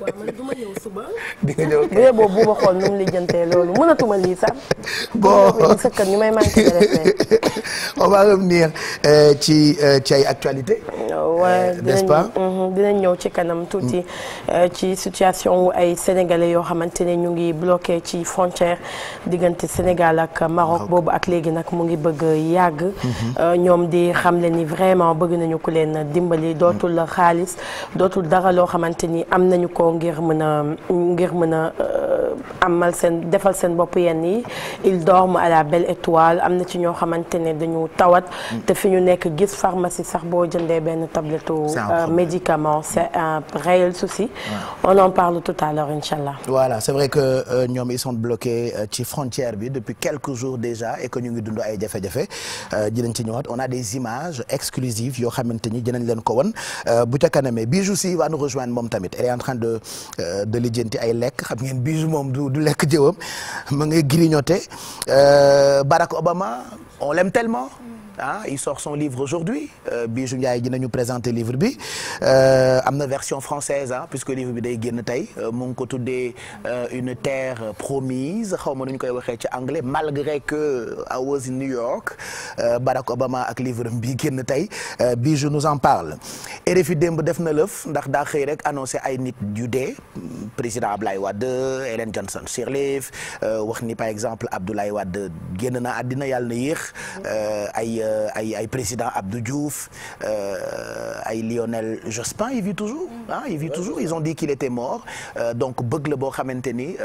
waaw man du ma ñëw suba. di ma xool nu mu lijjantee loolu mënatuma lii sax. bon sëkkat ñu may manqué de respect. Euh, ci euh, ci ay actualité waaw euh, mm-hmm, dinañ ñëw ci kanam tuuti mm. ci situation wu ay sénégalais yoo xamante ne ñu ngi bloqué ci frontière diggante Sénégal ak Maroc boobu ak léegi nag mu ngi bëgg yàgg. Mm-hmm. ñoom di xam le ni vraiment bëgg nañu ku leen dimbali mm. dootul xaalis dootul dara loo xamante ni am nañu. jëfandikoo ngir mën a ngir mën a euh, amal seen defal seen bopp yenn yi ils dorment à la belle étoile am na ci ñoo xamante ne dañu tawat te fi ñu nekk gis pharmacie sax boo jëndee benn tablette euh, médicament c'est un réel souci on en parle tout à l'heure inchallah voilà c'est vrai que euh, ñoom ils sont bloqués ci frontière bi depuis quelques jours déjà et que ñu ngi dund ay jafe-jafe dinañ ci ñëwaat on a des images exclusives yoo xamante ni dinañ leen ko won bu ca kanamee Bijou si va nous rejoindre de euh, de lijjanti ay lekk xam ngeen bisu moom du du lekk jëwam ma ngay grignoter euh, Barack Obama on l'aime tellement ah il sort son livre aujourd'hui euh, Bijou Ndiaye dinañu présenter livre bi euh, am na version française ah puisque livre bi day génn tey euh, mu ngi ko tuddee une terre promise xaw ma nu ñu koy waxee ci anglais malgré que I was in New York Barack Obama ak livre bi génn tey Bijou nous en parle RFI démb def na lëf ndax daa xëy rek annoncé ay nit yu dee président Abdoulaye Wade Ellen Johnson Sirleaf wax ni par exemple Abdoulaye Wade génn na àddina yàlla yéex Euh, ay euh, ay ay président Abdou Diouf euh, ay Lionel Jospin il vit toujours ah il vit toujours ils ont dit qu'il était mort donc bëgg la boo xamante ni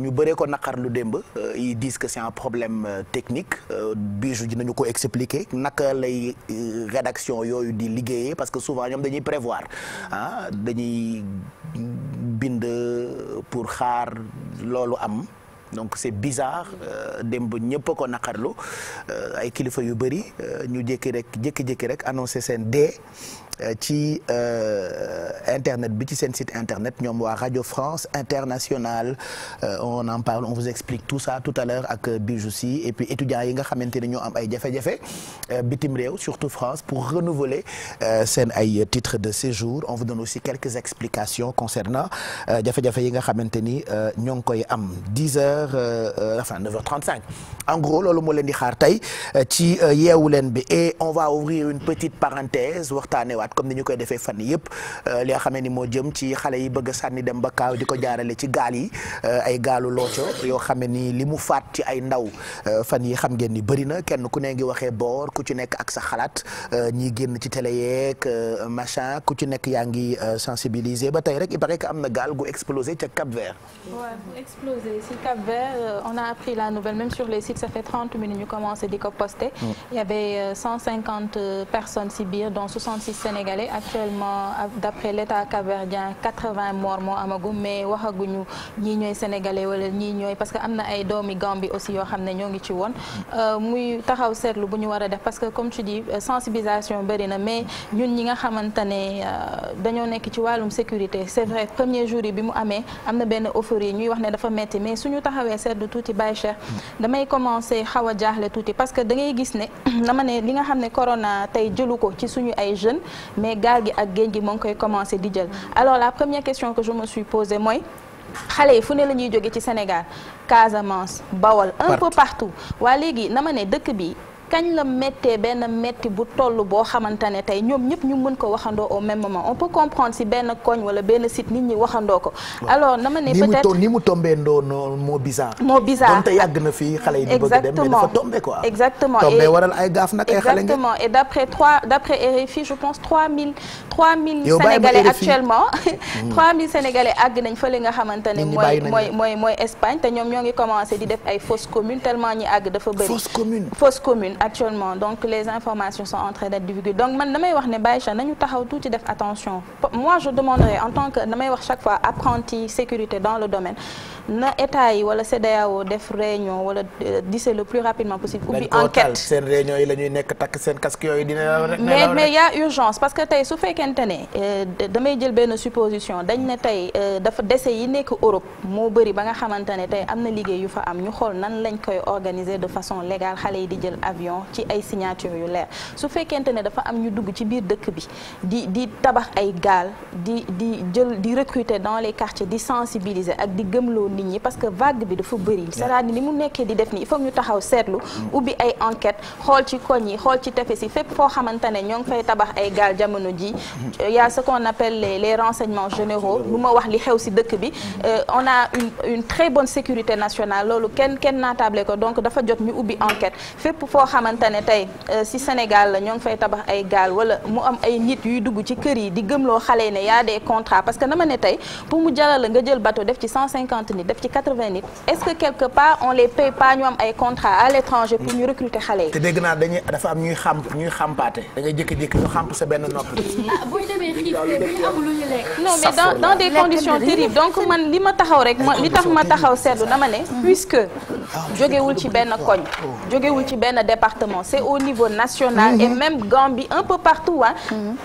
ñu bëree ko naqar lu démb ils disent que c'est un problème technique bijou dinañu ko expliquer naka lay rédaction yooyu di liggéeye parce que souvent ñoom dañuy prévoir ah dañuy bind pour xaar loolu am donc c'est dem euh, démb ñëpp a ko naqarlu euh, ay kilifa yu bëri euh, ñu jékki rek jékki-jékki rek annoncé seen dee Euh, ci euh, internet bi ci seen site internet ñoom waa Radio France Internationale euh, on en parle on vous explique tout ça tout à l'heure ak Bijou Sy et yi nga xamante ne ñoo am ay jafe-jafe bitim réew surtout France pour renouveler seen ay titres de séjour on vous donne aussi quelques explications concernant jafe-jafe yi nga xamante ni ñoo koy am 10 heures loolu moo di xaar tey ci yeewu leen bi et on va ouvrir une petite parenthèse waxtaane delluwaat comme ni koy defee fan yëpp euh, li nga ni moo jëm ci xale yi bëgg a sànni dem ba kaaw di ko jaarale ci gaal yi euh, ay gaalu looco yoo xamee ni li mu faat ci ay ndaw euh, fan yi xam ngeen ni bëri na kenn ku ne ngi waxee boor ku ci nekk ak sa xalaat ñi génn ci télé yeeg machin ku ci nekk yaa ngi sensibiliser ba tey rek il paraît que am na gaal gu explosé ca Cap Vert. waaw bu explosé si Cap Vert on a appris la nouvelle même sur les sites ça fait 30 minutes ñu commencé di ko posté. Mm. il y sénégalais actuellement d'après l'état capverdien 80 morts moo amagu mais waxaguñu ñii ñooy sénégalais wala ñii ñooy parce que am na ay doomi Gambie aussi yoo xam ne ñoo ngi ci woon euh, muy taxaw seetlu bu ñu war a def parce que comme tu dis euh, sensibilisation bëri na mais ñun ñi nga xamante ne euh, dañoo nekk ci wàllum sécurité c'est vrai premier jour yi bi mu amee am na benn euphorie ñuy wax ne dafa metti mais suñu taxawee seetlu tuuti Baye Cheikh damay commencer xaw a jaaxle tuuti parce que da ngay gis ne dama ne li nga xam ne corona tey jëlu ko ci suñu ay jeunes mais gaal gi ak géej gi moo ngi koy commencé di jël alors la première question que je me suis posée mooy xale yi fu ne la ñuy jóge ci Sénégal Casamance Bawol un peu partout waa léegi na ma ne dëkk bi kañ la méttee benn métti bu toll boo xamante ne tey ñoom ñëpp ñu mën ko waxandoo au même moment on peut comprendre si benn koñ wala benn site nit ñi waxandoo ko. alors na ma ne peut-être ni mu tombé ndoo noonu na fii xale yi. di bëgg dem mais dafa tombé quoi. exactement tombé waral ay ay xale exactement tellement ñi àgg dafa bëri. fausse commune fausse commune. actuellement donc les informations sont en train d'être donc man damay wax ne Baye Cheikh nañu taxaw tuuti def attention moi je demanderai en tant que chaque fois apprenti sécurité dans le domaine na état yi wala CEDEAO def réunion wala euh, dise le plus rapidement possible ubbi enquête seen réunion yi la ñuy nekk takk seen casque yooyu dina rek mais mais y a urgence parce que tey su fekkente ne euh, damay jël benn supposition dañ ne tey euh, dafa dese yi nekk Europe moo bëri ba nga xamante ne tey am na liggéey yu fa am ñu xool nan lañ koy organiser de façon légale xale yi di jël avion ci ay signature yu leer su fekkente ne dafa am ñu dugg ci biir dëkk bi di di tabax ay gaal di di jël di recruter dans les quartiers di sensibiliser ak di gëm gëmloo nit ñi parce que vague bi dafa bëri cest à ni mu nekkee di def nii il faut ñu taxaw seetlu mm. ubbi ay enquête xool ci koñ yi xool ci tefes yi fépp foo xamante ne ñoo ngi fay tabax ay gaal jamono ji mm. y a ce qu'on appelle les les renseignements lu ma wax li xew si dëkk bi mm. euh, on a une très bonne sécurité nationale loolu kenn kenn xamante ne tey euh, si Sénégal la ñoo ngi fay tabax ay gaal wala mu am ay nit yuy dugg ci kër yi di gëm loo xale yi ne yaa des contrat parce que dama ne tey pour mu jalal la nga jël bateau def ci 150 nit def ci 80 nit est-ce que quelque part on les paye pas ñu am ay contrats à l'étranger pour ñu recruter xale yi. te dégg naa dañuy dafa am ñuy xam ñuy xampaate. da ñu xamp sa benn nopp. ah bu ñu demee xiif bu ñu am lu ñu lekk. man li ma taxaw rek ma li tax ma taxaw seetlu dama ne. puisque ah, oh. jógewul ci benn koñ ci benn département département c'est au niveau national et mhm. même Gambie un peu partout ah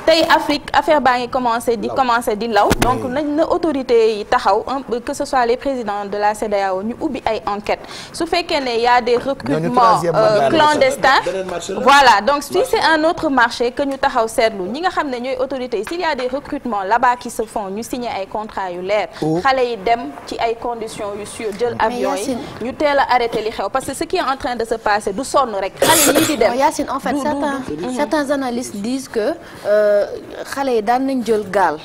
tey Afrique affaire baa ngi commencé di commencé di law donc nañ na autorité yi taxaw que ce soit les présidents de la CEDEAO ñu ubbi ay enquêtes su fekkee ne ya a des recrutements euh, clandestins voilà donc si c'est un autre marché que ñu taxaw seetlu ñi nga xam ne ñooy autorité yi s'il y a des recrutements là-bas qui se font ñu signer ay contrats yu leer oh. xale yi dem ci ay conditions yu sûres jël avion xale yi di dem oh, Yacine en fait certains certains disent que euh, xale yi daan nañ jël gaal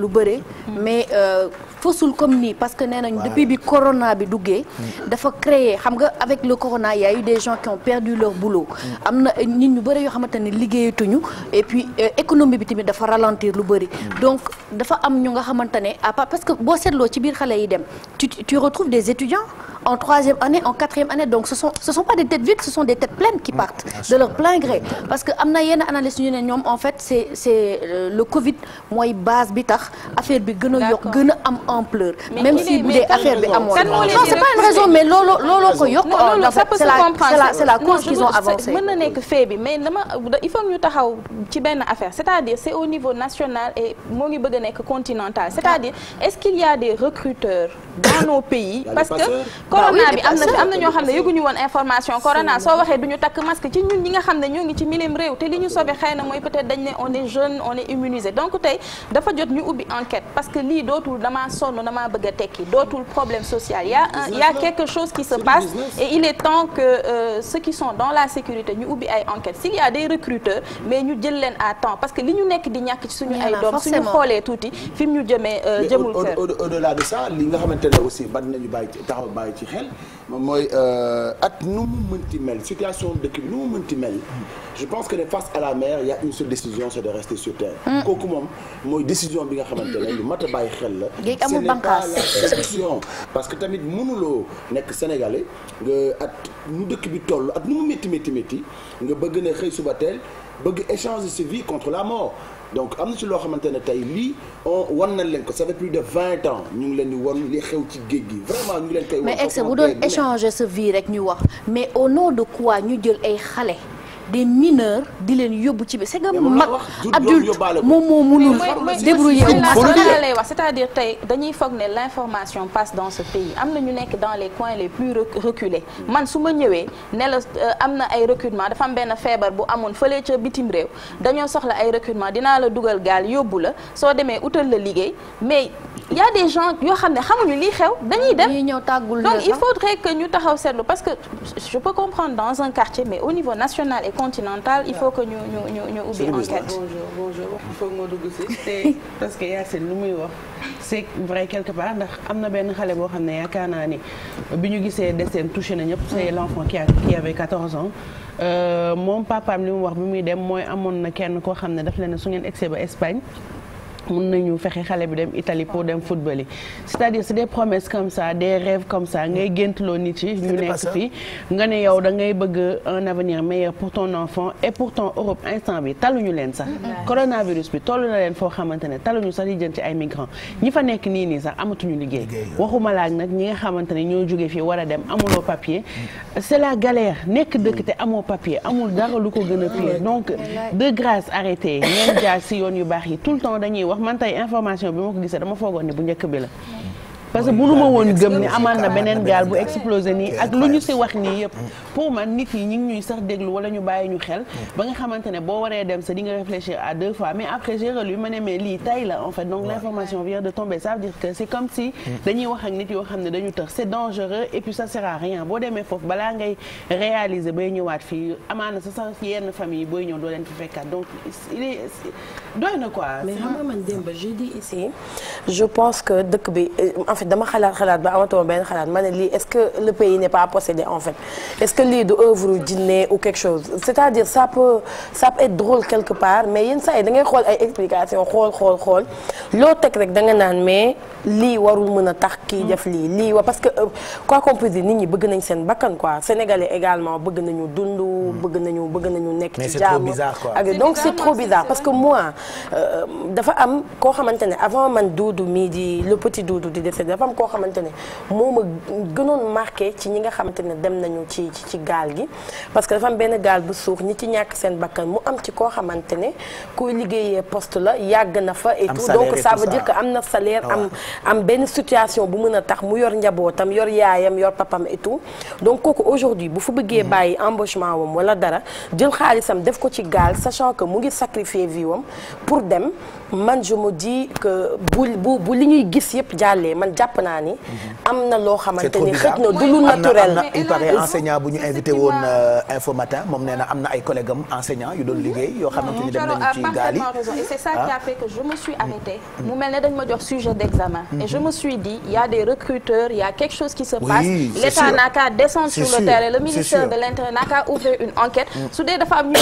lu bëri mm. mais euh, fasul comme nii parce que nee nañ depuis bi corona bi duggee dafa créer xam nga avec le corona y a eu des gens qui ont perdu leur boulot am na nit ñu bëri yoo xamante ne liggéeyatuñu et puis euh, économie bi tamit dafa ralentir lu bari donc dafa am ñu nga xamante ne à part parce que boo seetloo ci biir xale yi dem tu tu retrouves des étudiants en troisième année en quatrième année donc ce sont ce pas des têtes vides ce sont des têtes pleines qui mm, partent de am na yenn analyste ñu ne ñoom en fait c'est c'est euh, bi tax affaire bi gën a yokk gën ampleur. même si bu dee affaire bi amoon non c'est pas une c'est la cause qu'ils ont avancé. na nekk fait bi mais dama il faut ñu taxaw ci benn affaire c'est-à-dire c'est au niveau national et moo ngi bëgg a nekk continental c'est-à-dire est-ce qu'il y des recruteurs dans nos pays parce que corona bi am na ñoo xam ne yëguñu woon information corona soo waxee duñu takk masque ci ñun ñi nga xam ne ñoo ngi ci milim réew te li ñu sobe xëy na mooy peut-être dañ ne on est jeune on sonn damaa bëgg a tekki dootul problème social y a un y a quelque chose qui se passe et il est temps que euh, qui sont dans la sécurité ñu ubbi ay enquêtes s'il y a des recruteurs mais ñu jël leen à temps parce que li ñu nekk di ñàkk ci suñu ay doom suñu xoolee tuuti fi mu ñu jëmee euh, jëmul kër au delà de ça li nga xamante ne aussi ban nañu bàyyi ci taxaw bàyyi ci xel mooy euh, at nu mu mënti mel situation dëkk bi nu mu mënti mel je pense que face à la mer il y a une seule décision c'est de rester sur amul banqaas ce n'est pas la solution parce que tamit mënuloo nekk sénégalais nga at nu dëkk bi toll ak nu mu métti métti métti nga bëgg ne xëy suba teel bëgg échanger sa vie contre la mort donc am na ci loo xamante ne tey lii on wan nañ leen ko ça fait plus de vingt ans ñu ngi leen di wan li xew ci géej gi vraiment ñu ngi mais exe bu doon échanger sa vie rek ñu wax mais au nom de quoi ñu jël ay xale. des mineurs di leen yóbbu ci bi c'est que mag adulte moom moo mënul débrouiller la lay wax c'est-à-dire tey dañuy foog ne l'information passe dans ce pays am na ñu nekk dans les coins les plus reculés man su ma ñëwee ne la euh, am na ay recrutement dafa am benn feebar bu amoon fële ca bitim réew dañoo soxla ay recrutement dinaa la dugal gaal yóbbu la soo demee utal la liggéey mais y a des gens yoo xam ne xamuñu lii xew dañuy dem donc il faudrait que ñu taxaw seetlu parce que je peux comprendre dans continental il faut que ñu ñu ñu ñu ubbi enquête. bonjour bonjour dugg si te parce que Yacine lu muy wax c'est vrai quelque part ndax am na benn xale boo xam ne yaakaar naa ni bi ñu gisee deseen touché na ñëpp c'est mm. l'enfant qui a qui avait 14 ans euh, moom papaam li mu wax bi muy dem mooy amoon na kenn koo xam ne daf leen ne su ngeen egsee ba Espagne mun nañu fexe xale bi dem itali pour dem football yi c'est-à-dire c'est des promesses comme ça des rêves comme ça ngay géntloo nit ñu nekk fii nga ne yow da ngay bëgg un avenir meilleur pour ton enfant et pourtant Europe instant bi ñu leen sax mm-hmm. coronavirus bi tollu na leen foo xamante ne taluñu sax di jënd ci ay migrants ñi fa nekk nii nii sax amatuñu liggéey waxuma laaj nag ñi nga xamante ne ñoo jógee fii war a dem amuloo papier mm. c'est la galère nekk dëkk te amoo papier amul dara lu ko gën a pire donc de grâce yoon yu baax yi tout le temps wax man tey information bi ma ko gisee dama foogoon ne bu njëkk bi la parce que mënu ma woon gëm ni amaan beneen gaal bu explosé nii ak lu ñu si wax nii yëpp pour man nit yi ñuy sax déglu wala ñu bàyyi ñu xel mm. ba nga xamante boo waree dem sa di réfléchir à deux fois mais après j'ai relu ma ne mais lii tay la en fait donc l'information vient de tomber c'est comme si mm. dañuy wax nit yoo xam c'est dangereux et puis ça rien boo demee foofu balaa ngay réaliser bay ñëwaat fii amaana sa sax yenn famille booy ñëw doo fait dama xalaat xalaat ba amatuma benn xalaat ma lii est-ce que le pays n'est pas possédé en fait est-ce que lii du œuvre jinne ou quelque chose c'est-à-dire ça peut ça drôle quelque part mais yenn saa yi da xool ay explication xool xool loo teg rek da nga naan mais lii warul mën a tax kii def lii lii wa parce que euh, quoi qu'on puisse dire nit ñi bëgg nañ seen bakkan quoi sénégalais également bëgg nañu dund hmm. bëgg nañu bëgg nañu nekk ci jàmm donc c'est trop bizarre parce que moi euh, dafa am koo xamante ne moom a gënoon marqué ci ñi nga xamante ne dem nañu ci ci gaal gi parce que dafa am benn gaal bu suux ñi ci ñàkk seen bakkan mu am ci koo xamante ne kuy liggéeyee poste la yàgg na fa et tout donc ça veut que am na salaire ah am am benn situation bu mën a tax mu yor njabootam yor yaayam yor papam et donc kooku aujourd'hui bu fa bëggee mm-hmm. bàyyi embauchement wam wala dara jël xaalisam def ko ci gaal sachant que mu ngi sacrifier vie pour dem man je me dis que gis yëpp jàpp naa ni. Mhm. am na loo xamante ni xëj na du lu naturel. il paraît enseignant bu ñu invité woon euh, info matin moom nee na am na ay collègues am enseignants yu doon mhm. liggéey yoo xamante ni dem nañu ci gaal yi. et c'est ça qui a ah. fait que je me suis mhm. arrêtée. mu mel ne dañ ma sujet d'examen. et je me suis dit y a des recruteurs y a quelque chose qui se passe. l'État n'a qu'à descendre sur le terrain le ministère de l'Intérieur n'a qu'à ouvrir une enquête. Mm. su dee dafa am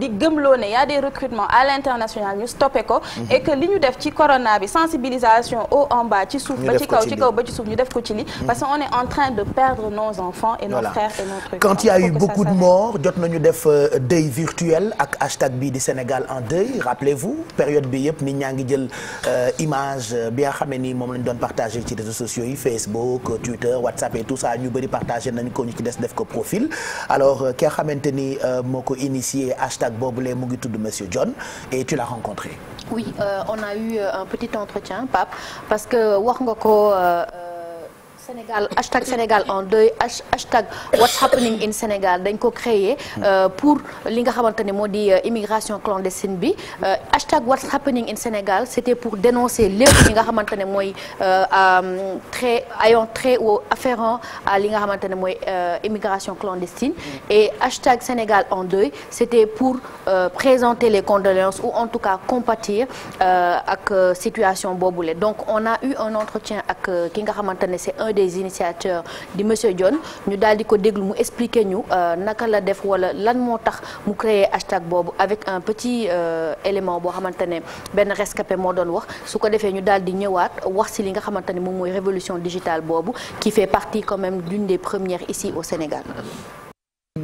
di gëmloo ne y a des recrutements à l'international ñu ko. Mm-hmm. et que li ñu def ci corona bi sensibilisation haut en bas ñu def ko ba ci suuf ñu def ko ci li hmm. parce que on est en train de perdre nos enfants et nos voilà. frères et nos trucs. quand il y jot nañu def euh, deuil virtuel ak hashtag bii di Sénégal en deuil rappelez-vous période bi yëpp nit ñaa ngi jël euh, image euh, bi nga xam ne ni moom lañ doon partagé ci réseaux sociaux yi Facebook Twitter WhatsApp et tout ça ñu bëri partagé nañ ko ñu ci des def ko profil alors ki nga xamante ni moo ko initié hashtag boobu lee mu ngi tudd monsieur John et tu l'as rencontré. oui euh, on a eu euh, un petit entretien Pape parce que wax nga ko. Euh, Sénégal hashtag Sénégal en deuil hashtag what's happening in Sénégal dañ ko créé euh, pour li nga xamante ne moo di euh, immigration clandestine bi euh, hashtag what's happening in Sénégal c'était pour dénoncer lépp li nga xamante ne mooy trait ayant trait à li nga xamante ne mooy immigration clandestine et hashtag Sénégal en deuil c'était pour présenter les condoléances ou en tout cas compatir ak situation boobule donc on a eu un entretien ak ki nga xamante c'est des initiateurs di monsieur Dione ñu daal di ko déglu mu expliquer ñu euh, naka la def wala lan moo tax mu créer hashtag boobu avec un petit euh, élément boo xamante ne benn rescapé moo doon wax su ko defee ñu daal di ñëwaat wax si li nga xamante ne moom mooy révolution digitale boobu qui fait partie quand même d'une des premières ici au Sénégal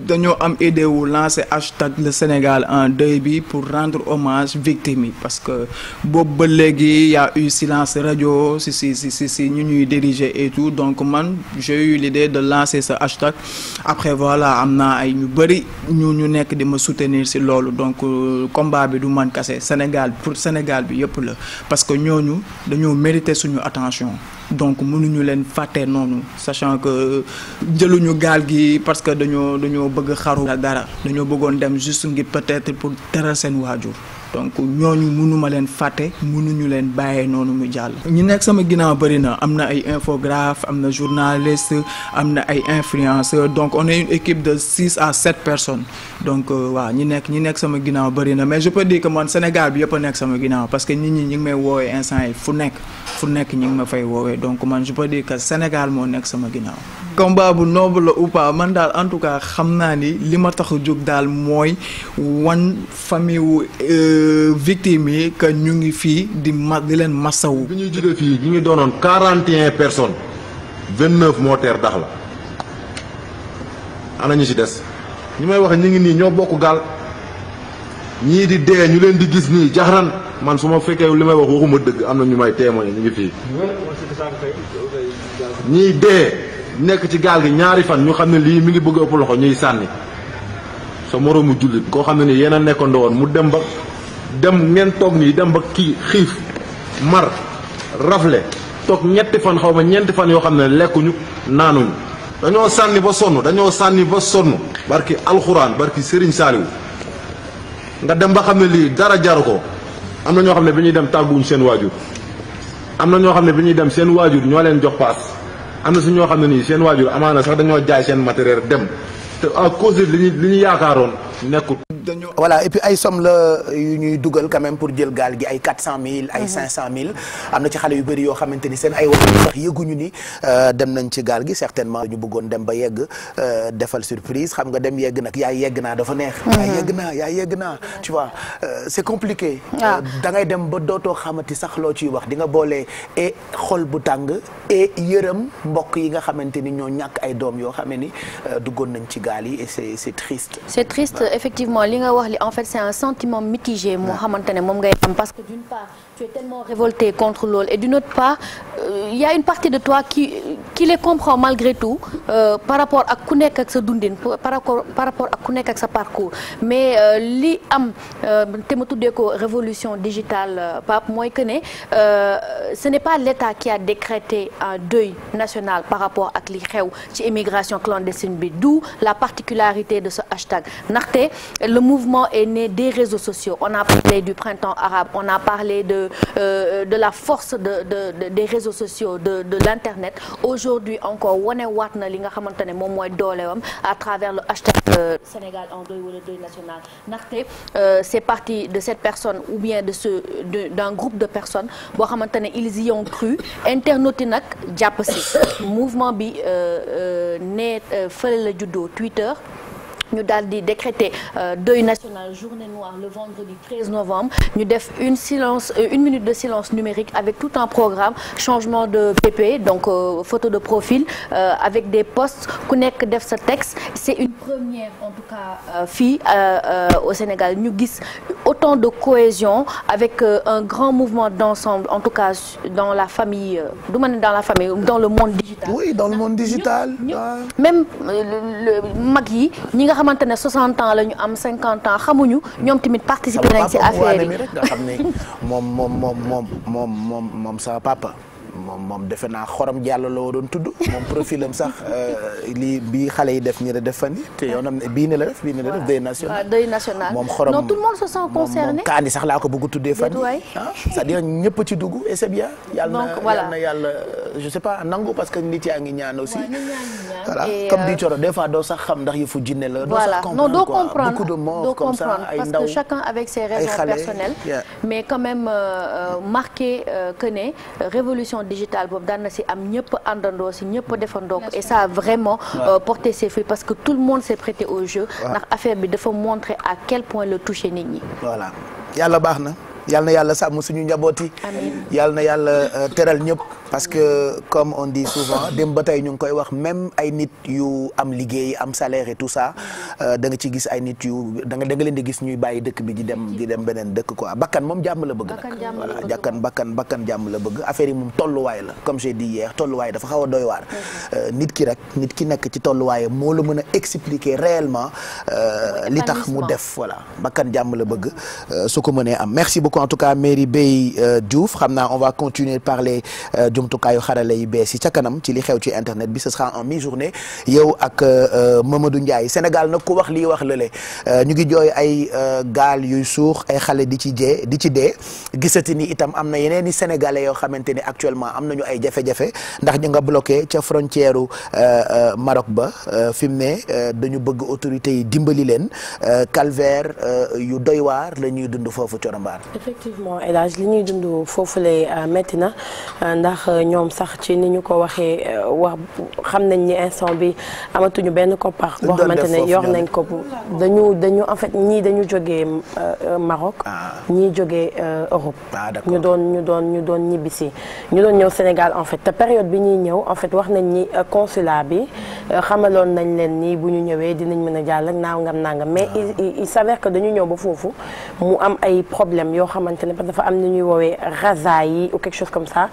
dañoo am idée wu lancer hashtag le Sénégal en deuil bi pour rendre hommage victimes yi parce que boobu ba léegi y' a eu silence radio si si ñu ñuy diriger et tout donc man j'ai eu l'idée de lancer sa hashtag après voilà am na ay ñu bëri ñu ñu nekk di ma soutenir si loolu donc euh, combat bi du man kase Sénégal pour Sénégal bi yëpp la parce que ñooñu dañoo mériter suñu attention donc mënuñu leen fàtte noonu sachant que jëluñu gaal gi parce que dañoo dañoo bëgg xaru dara dañoo bëggoon dem juste ngir peut-être pour teral seen waajur donc ñooñu munuma leen fàtte mënuñu leen bàyyee noonu mu jàll ñi nekk sama ginnaaw bëri na am na ay infographe am na journaliste am na ay influenceur donc on est une équipe de six à sept personnes donc euh, waa ñi nekk ñi nekk sama ginnaaw bëri na mais je peux dire que man Sénégal bi yëpp a nekk sama ginnaaw parce que nit ñi ñi ngi may woowee instant yi fu nekk fu nekk ñi ngi ma fay woowee donc man je peux dire Sénégal moo nekk sama ginnaaw combat bu noble la ou pas man daal en tout cas xam naa ni li ma tax a jóg daal mooy wan famille wu euh, victime yi que ñu ngi fii di ma di leen masawu. bi ñuy jógee fii ñu ngi doonoon quarante et un personnes vingt neuf dax la na ñu si des ñu may wax ñu ngi nii ñoo bokk gaal ñii di dee ñu leen di gis nii jaxran man su ma fekkee li may wax waxuma dëgg am na ñu may témoigner ñu ngi fii ñii dee. nekk ci gaal gi ñaari fan ñu xam ne lii mi ngi bëggee ëpp loxo ñuy sànni sa moroomu jullit koo xam ne ni yéen a nekkandoo woon mu dem ba dem ngeen toog nii dem ba kii xiif mar rafle toog ñetti fan xaw ma ñeenti fan yoo xam ne lekkuñu naanuñu dañoo sànni ba sonn dañoo sànni ba sonn barki alxuraan barki sëriñ Saliou nga dem ba xam ne lii dara jaru ko am na ñoo xam ne bi ñuy dem tàgguwuñ seen waajur am na ñoo xam ne ba ñuy dem seen waajur ñoo leen jox am na si ñoo xam ne nii seen waajur amaana sax dañoo jaay seen matériel dem te à cause li ñu li ñu yaakaaroon nekkul. voilà et puis ay somme la yu ñuy dugal quand même pour jël gaal gi ay quatre cent mille ay mhm. cinq cent mille am na ci xale yu bëri yoo xamante ni seen ay wax sax yëguñu ni euh, dem nañ ci gaal gi certainement ñu bëggoon dem ba yegg euh, defal surprise xam nga dem yegg nag yaa yegg naa dafa neex mhm. yaa yegg naa yaa yegg naa tu vois euh, c'est compliqué ah. da ngay dem ba dootoo xamati sax loo ciy wax di nga boolee et xol bu tàng yërëm mbokk yi nga xamante ni ñoo ñàkk ay doom yoo xam ne ni duggoon nañ ci gaal yi et c'est c'est triste effectivement li nga wax li en fait c'est un sentiment mitigé moo xamante ne moom ngay am parce que d'une part tu es tellement révolté contre loolu et d'une autre part il euh, y a une partie de toi qui qui les comprend malgré tout euh, par rapport ak ku nekk ak sa dundin par rapport par rapport ak ku nekk ak sa parcours mais euh, li am te ma tuddee ko révolution digitale Pape mooy que ne ce n'est pas l'État qui a décrété un deuil national par rapport ak li xew ci immigration clandestine bi d'où la particularité de ce hashtag ndax liberté, le mouvement est né des réseaux sociaux. On a parlé du printemps a parlé de, euh, de la force de, de, de, des réseaux sociaux, de, de l'Internet. Aujourd'hui encore, Wane Watna, li nga xamante ne moom mooy doolewam à travers le hashtag euh, Sénégal en deuil wala deuil national. Euh, c'est parti de cette personne ou bien de ce d'un groupe de personnes boo xamante ne ils y ont cru internautes yi nag jàpp mouvement bi euh, euh, ne fële la juddoo Twitter ñu daal di décréter euh, deuil national journée noire le vendredi 13 novembre ñu def une silence euh, une minute de silence numérique avec tout un programme changement de PP e, donc euh, photo de profil avec des posts ku nekk def sa texte c'est une première en tout cas fii au Sénégal ñu gis autant de cohésion avec un grand mouvement d'ensemble en tout cas dans la famille du ma ne dans la famille dans le monde digital oui le monde xamante ne 60 ans la ñu am 50 ans xamuñu. ñoom tamit participer nañ ci affaire yi. moom moom moom moom moom moom sama papa. moom moom defe na xorom jàll la doon tudd moom profil am sax euh, lii bii xale yi def nii la def fan yi te yow bii ne la def bii ne la def deuil national deuil national moom xorom non tout le kaani sax laa ko bëgg tuddee fan yi ah c'est-à-dire ñëpp ci dugg et c'est bien yàlla parce que nit yaa ngi ñaan aussi voilà comme di coro euh, des fois doo sax xam ndax yëfu jinne la doo sax comprendre quoi beaucoup de morts comme ça ay ndaw parce que chacun avec ses raisons personnelles mais quand même euh, marqué que révolution digitale boobu daan na si am ñëpp àndandoo si ñëpp mm. defandoo ko et ça vraiment euh, porté ses fruits parce que tout le monde s'est prêté au jeu ndax affaire bi dafa montrer à quel point le touché nit ñi voilà yàlla baax na yàlla na yàlla sàmm suñu njaboot yi yàlla na yàlla euh, teral ñëpp parce que comme on dit souvent dem ba tey ñu ngi koy wax même ay nit yu am liggéey am salaire et tout ça euh, danga ci gis ay nit yu da nga da nga leen di gis ñuy bàyyi dëkk bi di dem di dem beneen dëkk quoi bakkan moom jàmm la bëgg nag voilà jàkkan bakkan bakkan jàmm bëgg affaire yi moom tolluwaay la comme j'ai dit hier tolluwaay dafa xaw a doy waar euh, nit ki rek nit ki nekk ci tolluwaay moo la mën a expliquer réellement euh, li tax mu def voilà bakkan jàmm la bëgg su ko mënee am merci beaucoup en tout cas Mairie Bey xam naa on va continuer jumtukaayu xarale yi bees yi ca kanam ci li xew ci internet bi ce euh, euh, wax lii wax lële euh, ñu ngi jooy ay gaal yuy suux ay xale di ci jee di ci dee gisati ni itam am na yeneen sénégalais yoo xamante ni actuellement am nañu ay jafe ndax ñu nga ca frontière u Maroc ba fi mu ne dañu bëgg autorités yi dimbali leen calvaire yu doy waar la dund foofu Corambaar. effectivement El Hadj li foofu lay métti ndax. ñoom sax ci ni ñu ko waxee euh, wax xam nañ ni instant bi amatuñu benn koppar boo xamante ne yor nañ ko dañu dañu en fait ñii dañu jógee euh, Maroc ah. ñii jógee euh, Europe ah, ñu doon ñu doon ñu doon ñibbisi ñu doon ñëw Sénégal en fait te période bi ñuy ñëw en fait wax nañ ni consulat bi xamaloon nañ leen nii bu ñu ñëwee dinañ mën a jàll ak nangam nangam mais ah. il s'avère que dañu ñëw ba foofu mu am ay problème yoo xamante ne parce que dafa am ni ñuy woowee raza yi quelque chose comme ça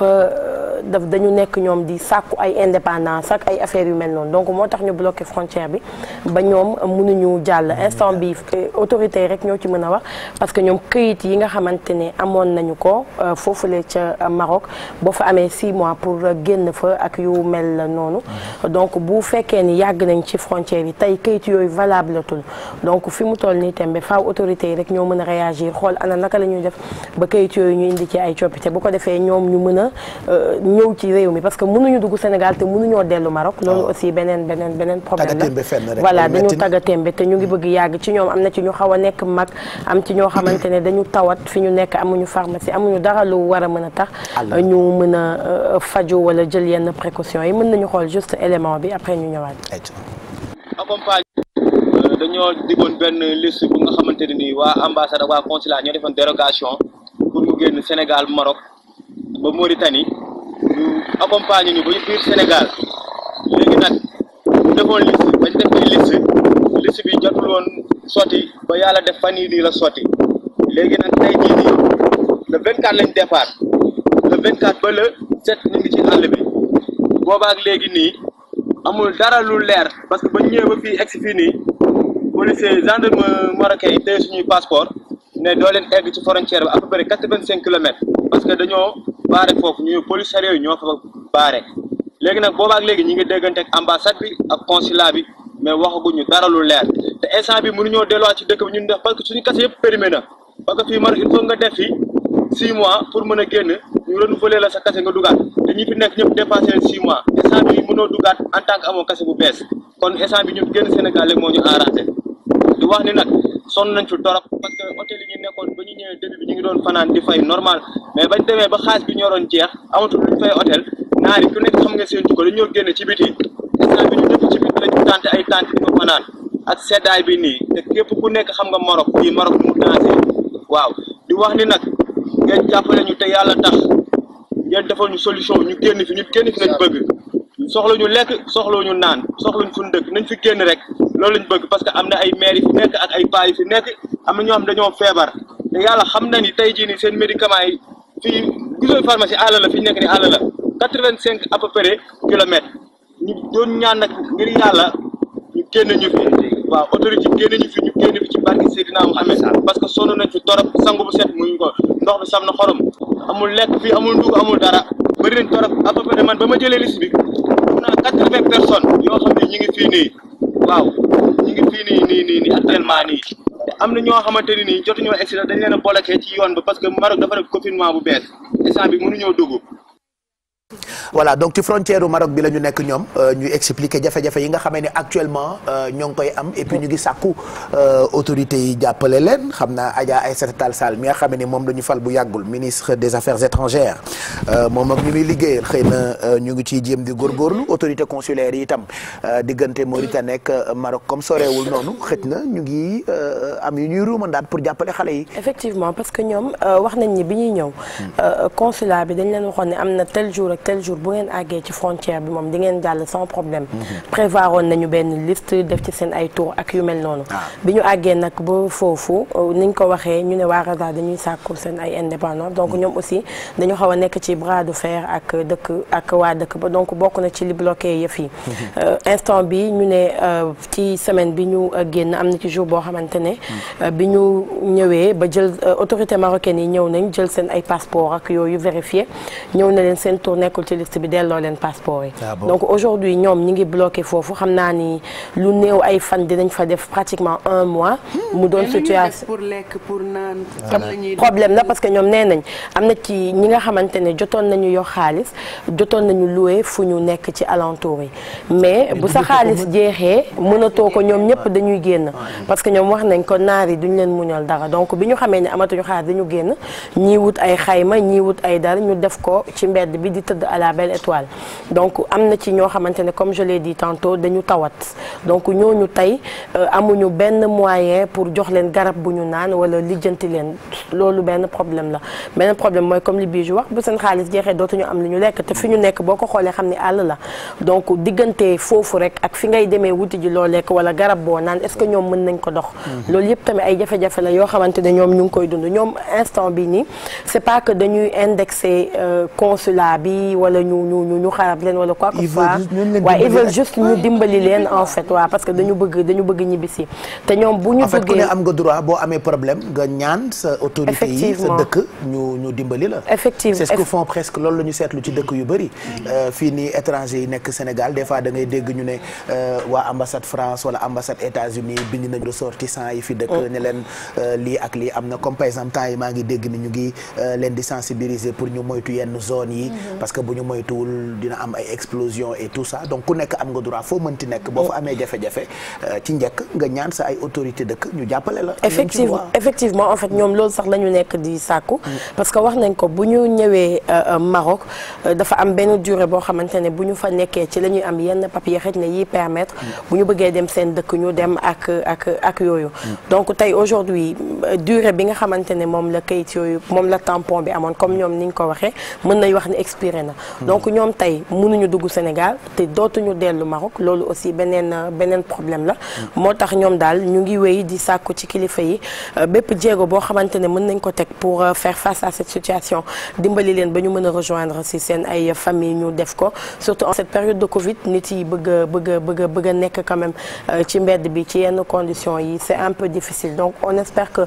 dafa euh, daf dañu nekk ñoom di sàkku ay indépendance ak ay affaires yu mel noonu donc moo tax ñu bloqué frontière bi ba ñoom mënuñu jàll instant bi autorité yi rek ñoo ci mën a wax parce que ñoom kayit yi nga xamante ne amoon nañu ko foofu euh, foofule ca Maroc boo fa amee 6 mois pour génn fa ak yu mel noonu donc bu fekkee ni yàgg nañ ci frontière yi tey kayit yooyu valabletul donc fi mu toll nii tembe faw autorité yi rek ñoo mën a réagir xool ana naka la ñuy def a euh, ñëw ci réew mi parce que ñu dugg Sénégal te mënuñoo dellu Maroc ah. loolu aussi beneen beneen beneen problème la voilà dañu tagatémbe te ñu ngi bëgg yàgg ci ñoom am na ci ñu xaw a nekk mag am ci ñoo xamante ne dañu tawat fi ñu nekk amuñu pharmacie amuñu dara lu war a mën a tax a ñu mën a euh, faju wala jël yenn précaution yi mën nañu xool juste élément bi après ñu ñëwaat euh, dañoo diggoon benn liste bu nga xamante ne nii waa ambassade ak waa consulat ba Mauritanie ñu accompagner ñu ba biir Sénégal léegi nag ñu defoon liste bañ defee liste liste bi jotul woon ba yàlla def fan yii nii la sotti léegi nag tey jii la le 24 lañ départ le 24 ba le 7 ñu ngi ci àll bi boobaak léegi nii amul dara lu leer parce que ba ñëwee ba fii ni fii nii policier gendarme marocain yi téye suñuy passeport ne doo leen egg ci frontière bi à peu près quatre-vingt-cinq kilomètres parce que dañoo baare foofu ñu policiers yooyu ñoo fa baare léegi nag boobaak léegi ñi ngi déggante ak ambassade bi ak consulat bi mais dara lu leer te instant bi mënuñoo delluwaat ci dëkk bi ñun def parce que suñu kase yëpp périmé na parce que fii mar il faut nga def fi six mois mën a génn ñu renouveler la sa kase nga dugaat te ñi fi nekk ñëpp dépassé leen six mois instant bi mënoo dugaat tant que amoo kase bu bees kon instant bi ñu génn Sénégal léegi moo ñu arrangé di wax ni nag sonn nañ fi torop parce que hôtel yi ñu nekkoon ba ñu ñëwee début bi ñu ngi doon fanaan di fay normal mais bañ demee ba xaalis bi ñoroon jeex amatul luñ fay hôtel naari ku nekk xam nga seen tukko dañoo génn ci biti instant bi ñu ay tante di fanaan ak seddaay bi nii te ku nekk xam nga Maroc fii Maroc waaw di wax ni nag ngeen jàppale ñu te yàlla tax ngeen defal ñu solution ñu génn fi ñu génn fi nañ bëgg soxla ñu lekk soxla ñu naan soxla ñu fu ñu dëkk nañ fi génn rek loolu ñu bëgg parce que am na ay maire yi fi nekk ak ay paa yi nekk am ñoo xam dañoo feebar te yàlla xam na ni tey ji nii seen médicament yi fii gisoon pharmacie àll la fi nekk ni àll la quatre cinq à peu près kilomètres ñu ñaan nag ngir yàlla ñu ñu fi waaw autorité génn ñu fi ñu génn fi ci barke parce que sonn nañ fi torop sangu bu set muy ko ndox bi sam na xorom amul lekk fii amul ndugg amul dara bëri nañ torop à peu près man ba ma jëlee liste bi am na quatre vingt personnes yoo xam ne ñu ngi fii nii waaw ñu ngi fii nii nii nii nii actuellement am na ñoo xamante ni nii jotuñoo egsi dañ leen a bloqué ci yoon bi parce que Maroc dafa def confinement bu bees instant bi mënuñoo dugg voilà donc ci frontière u Maroc bi la nekk ñoom euh, ñu expliquer jafe-jafe yi nga xamee ne actuellement euh, ñoo ngi koy am et puis ñu ngi sàkku euh, autorités yi jàppale leen xam naa Adja Aïssata Tall Sall mi nga xamee ni moom la ñu fal bu yàggul ministre des affaires étrangères moom ak ñu muy liggéeyal xëy na ñu ngi ciy jéem di góorgóorlu autorité consulaire yi itam diggante Mauritanie nekk Maroc comme soreewul noonu xëj na ñu ngi am yu ñuy ruumandaat pour jàppale xale yi effectivement parce que ñoom wax nañ ni bi ñuy ñëw tel jour bu ngeen àggee ci frontière bi moom di ngeen jàll sans problème prévoir woon nañu benn liste def ci seen ay tour ak yu mel noonu ah. bi ñu àggee nag ba foofu euh, niñ ko waxee ñu ne waa Raza dañuy sàkku seen ay indépendant donc ñoom aussi dañu xaw a nekk ci bras de fer ak dëkk ak waa dëkk ba donc bokk na ci li bloqué yëf yi mhm. euh, instant bi ñu ne euh, ci semaine bi ñu génn am na ci jour boo xamante ne mhm. bi ñu ñëwee ba jël autorité marocaine yi ñëw nañ jël seen ay passeport ak yooyu vérifié ñëw nekkul ci liste bi delloo leen passeport yi ah donc aujourd'hui ñoom ñi ngi bloqué foofu xam naa ni lu néew ay fan dinañ fa def pratiquement un mois mu doon hmm. situation pour lekk pour naan ah. problème la parce que ñoom nee nañ am na ci ñi nga xamante ne jotoon nañu yor xaalis jotoon nañu loué fu ñu nekk ci alentour yi mais bu sa xaalis jeexee mënatoo ko ñoom ñëpp dañuy génn ah, parce que ñoom wax nañ ko naar yi duñ leen muñal dara donc bi ñu xamee ne amatuñu xaalis dañu génn ñii stade à la Belle Étoile donc am na ci ñoo xamante ne comme je l'ai dit tantôt dañu tawat donc ñooñu tey euh, amuñu benn moyen pour jox leen garab bu ñu naan wala lijjanti leen loolu benn problème la benn problème mooy comme li Bijou wax bu seen xaalis jeexee dootuñu am lu ñu lekk te fi ñu nekk boo ko xoolee xam ne àll la donc diggante foofu rek ak fi ngay demee wuti ji loo lekk wala garab boo naan est-ce que ñoom mën nañ ko dox mhm. loolu yëpp tamit ay jafe-jafe la yoo xamante ne ñoom ñu ngi koy dund ñoom instant bi nii c'est pas que dañuy euh, bi yi wala ñu ñu ñu ñu xarab leen juste ñu dimbali leen en fait waaw parce que dañu bëgg dañu bëgg ñibbisi te ñoom bu ñu bëggee ku ne am nga droit boo amee problème nga ñaan sa autorité yi sa dëkk ñu ñu dimbali la effectivement c'est ce presque loolu la ñu seetlu ci dëkk yu bëri euh, fii ni étranger yi nekk Sénégal des fois da ngay dégg ñu ne euh, waa ambassade France wala ambassade États-Unis bind nañ ressortissant yi fi dëkk mm. ne leen euh, lii ak lii am na comme par exemple temps yi maa ngi dégg ni ñu ngi leen di sensibiliser pour ñu moytu yenn zone yi mm-hmm. parce que bu ñu moytuwul dina am ay explosion et tout ça donc ku nekk am nga droit foo mënti nekk boo fa amee jafe-jafe euh, ci njëkk nga ñaan sa ay autorité dëkk ñu jàppale la effectivement effectivement en fait ñoom loolu sax la ñu nekk di sàkku mm. parce que wax nañ ko bu ñu ñëwee euh, euh, Maroc dafa am benn durée boo xamante ne bu ñu fa nekkee ci la ñuy am yenn papier xëj na yi permettre mm. bu ñu bëggee dem seen dëkk ñu dem ak ak ak yooyu mm. donc tey aujourd'hui durée bi nga xamante ne moom la kayit yooyu moom la tampon bi amoon comme ñoom ni ñu ko waxee mën nañ wax ne expiré bare na donc ñoom tey munuñu dugg Sénégal te dootuñu dellu Maroc loolu aussi beneen beneen problème la moo tax ñoom daal ñu ngi wéy di sàkku ci kilifa yi euh, bépp jéego boo xamante ne mën nañ ko teg pour euh, faire face à cette situation dimbali leen ba ñu mën a rejoindre si seen ay famille ñu def ko surtout en cette période de Covid nit yi bëgg a bëgg bëgg bëgg nekk quand euh, ci mbedd bi ci yenn conditions yi c'est un peu difficile donc on espère que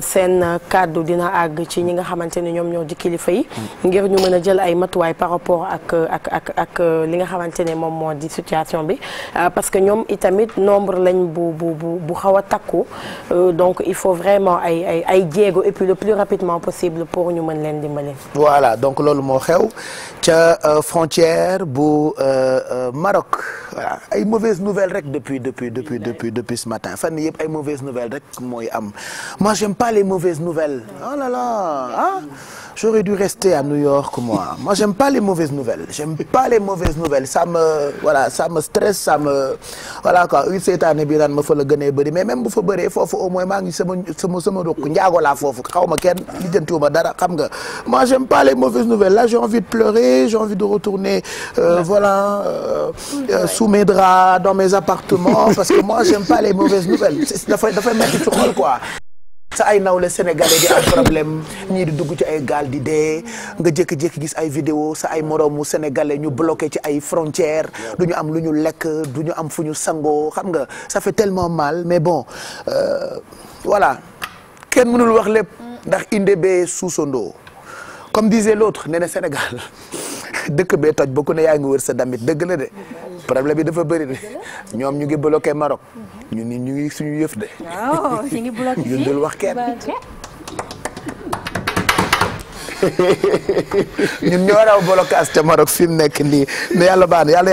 seen kaddu dina àgg ci ñi nga xamante ne ñoom ñoo di kilifa mooy par rapport ak li nga xamante ne moom moo di situation bi euh, parce que ñoom itamit nombre lañ bu bu bu bu xaw a takku euh, donc il faut vraiment ay ay ay jéego et puis le plus rapidement possible pour ñu mën leen dimbali. voilà donc loolu moo xew ca euh, frontière bu Maroc voilà ay mauvaises nouvelles rek depuis depuis depuis depuis depuis ce matin fan yëpp ay mauvaises nouvelles rek mooy am moi j'aime pas les mauvaises nouvelles oh là là j'aurais dû rester à New York moi moi j'aime pas les mauvaises nouvelles j'aime pas les mauvaises nouvelles ça me voilà ça me stresse ça me voilà quoi une seetaane bi naan ma fa la gënee bëri mais même bu fa bëree foofu au moins maa ngi sama sama sama dok njaago laa foofu xaw ma kenn lijjantiwuma dara xam nga moi j'aime pas les mauvaises nouvelles là j'ai envie de pleurer j'ai envie de retourner euh, voilà euh, euh, sous mes draps dans mes appartements parce que moi j'aime pas les mauvaises nouvelles dafay dafay metti ci xol quoi sa ay nawle sénégalais di am problème ñii di dugg ci ay gaal di dee nga jékki-jékki gis ay vidéo sa ay moroomu sénégalais ñu bloqué ci ay frontières du ñu am lu ñu lekk du ñu am fu ñu sangoo xam nga ça fait tellement mal mais bon euh, voilà kenn mënul wax lépp ndax inde bee suusandoo comme disait l'autre nee na Sénégal dëkk bee toj ba ku ne yaa ngi wër sa damit dëgg la de problème bi dafa bëri de ñoom ñu ngi bloqué Maroc mhm. ñu ni ñu ngi suñu yëf de. waaw oh, ñu ngi dul wax kenn. ñun ñoo raw blocage ca Maroc fi mu nekk nii mais yàlla baax na yàlla.